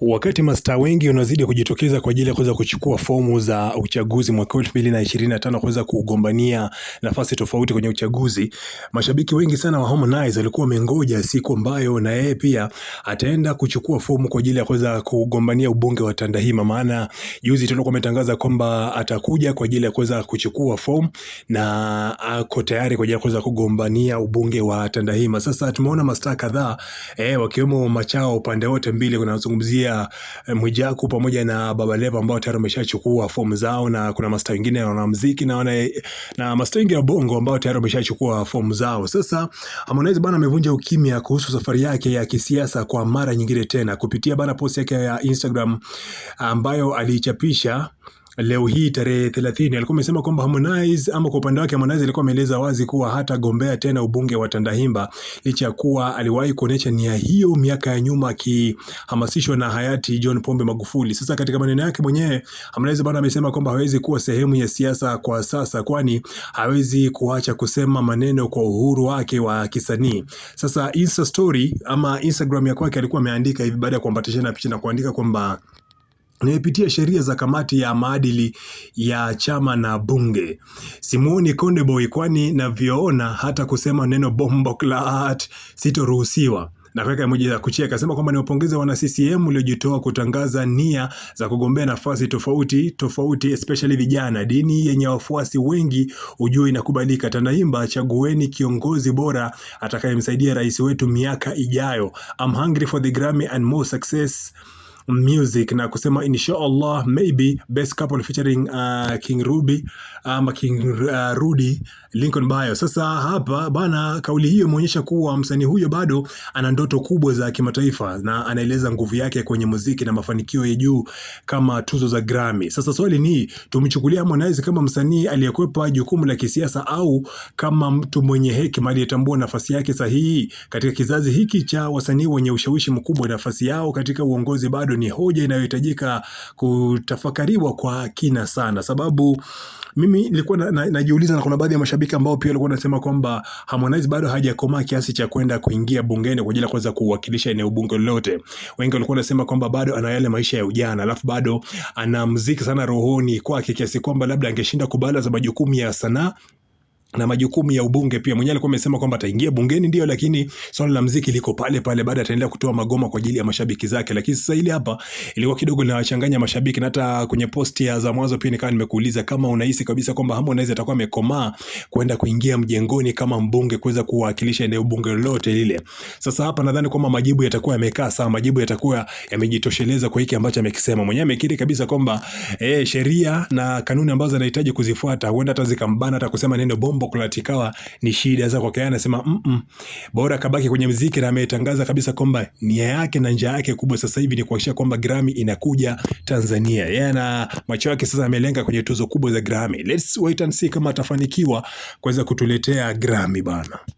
Wakati mastaa wengi wanazidi kujitokeza kwa ajili ya kuweza kuchukua fomu za uchaguzi mwaka elfu mbili na ishirini na tano kuweza kugombania nafasi tofauti kwenye uchaguzi, mashabiki wengi sana wa Harmonize walikuwa wamengoja siku ambayo na yeye pia ataenda kuchukua fomu kwa ajili ya kuweza kugombania ubunge wa tandahima Maana juzi tulikuwa ametangaza kwamba atakuja kwa ajili ya kuweza kuchukua fomu na ako tayari kwa ajili ya kuweza kugombania ubunge wa tandahima Sasa tumeona mastaa kadhaa eh, wakiwemo Machao upande wote mbili, kunazungumzia kuangalia eh, Mwijaku pamoja na Baba Levo ambao tayari wameshachukua fomu zao, na kuna masta wengine wanamuziki na wana, na masta wengine wa bongo ambao tayari wameshachukua fomu zao. Sasa Harmonize bana amevunja ukimya kuhusu safari yake ya kisiasa kwa mara nyingine tena kupitia bana post yake ya Instagram ambayo aliichapisha leo hii tarehe 30 alikuwa amesema kwamba Harmonize ama kwa upande wake Harmonize alikuwa ameeleza wazi kuwa hatagombea tena ubunge wa Tandahimba licha ya kuwa aliwahi kuonyesha nia hiyo miaka ya nyuma akihamasishwa na hayati John Pombe Magufuli. Sasa katika maneno yake mwenyewe Harmonize bado amesema kwamba hawezi kuwa sehemu ya siasa kwa sasa, kwani hawezi kuacha kusema maneno kwa uhuru wake wa kisanii. Sasa Insta story ama Instagram ya kwake alikuwa ameandika hivi baada ya kuambatishana picha na kuandika kwamba Nimepitia sheria za kamati ya maadili ya chama na bunge. Simuoni Konde Boy kwani navyoona hata kusema neno bomboklat sitoruhusiwa na kuweka emoji za kucheka. akasema kwamba niwapongeze wana CCM uliojitoa kutangaza nia za kugombea nafasi tofauti tofauti, especially vijana. Dini yenye wafuasi wengi ujue inakubalika. Tanaimba, chagueni kiongozi bora atakayemsaidia rais wetu miaka ijayo. I'm hungry for the Grammy and more success music na kusema inshallah maybe best couple featuring uh, King Ruby ama King uh, Rudy Lincoln Bayo. Sasa hapa bana, kauli hiyo imeonyesha kuwa msanii huyo bado ana ndoto kubwa za kimataifa na anaeleza nguvu yake kwenye muziki na mafanikio ya juu kama tuzo za Grammy. Sasa swali ni tumchukulia Harmonize kama msanii aliyekwepa jukumu la kisiasa au kama mtu mwenye hekima aliyetambua nafasi yake sahihi katika kizazi hiki cha wasanii wenye ushawishi mkubwa. Nafasi yao katika uongozi bado ni hoja inayohitajika kutafakariwa kwa kina sana, sababu mimi nilikuwa na, na, najiuliza na kuna baadhi ya mashabiki ambao pia walikuwa wanasema kwamba Harmonize bado hajakomaa kiasi cha kwenda kuingia bungeni kwa ajili ya kuweza kuwakilisha eneo bunge lolote. Wengi walikuwa wanasema kwamba bado ana yale maisha ya ujana, alafu bado ana mziki sana rohoni kwake kiasi kwamba labda angeshinda kubala za majukumu ya sanaa na majukumu ya ubunge pia. Mwenyewe alikuwa amesema kwamba ataingia bungeni ndio, lakini swala la mziki liko pale pale, baada ataendelea kutoa magoma kwa ajili ya mashabiki zake. Lakini sasa hili hapa ilikuwa kidogo linawachanganya mashabiki, na hata kwenye post ya za mwanzo pia nikawa nimekuuliza kama unahisi kabisa kwamba Harmonize atakuwa amekomaa kwenda kuingia mjengoni kama mbunge kuweza kuwakilisha eneo bunge lolote lile. Sasa hapa nadhani kwamba majibu yatakuwa yamekaa sawa, majibu yatakuwa yamejitosheleza kwa hiki ambacho amekisema mwenyewe. Amekiri kabisa kwamba eh, sheria na kanuni ambazo anahitaji kuzifuata huenda hata zikambana hata kusema neno bomba mambo kulatikawa ni shida. Sasa kwake anasema mm -mm, bora kabaki kwenye mziki na ametangaza kabisa kwamba nia yake na njia yake kubwa sasa hivi ni kuhakikisha kwamba grami inakuja Tanzania. Yeye na macho yake sasa amelenga kwenye tuzo kubwa za grami Let's wait and see kama atafanikiwa kuweza kutuletea grami bana.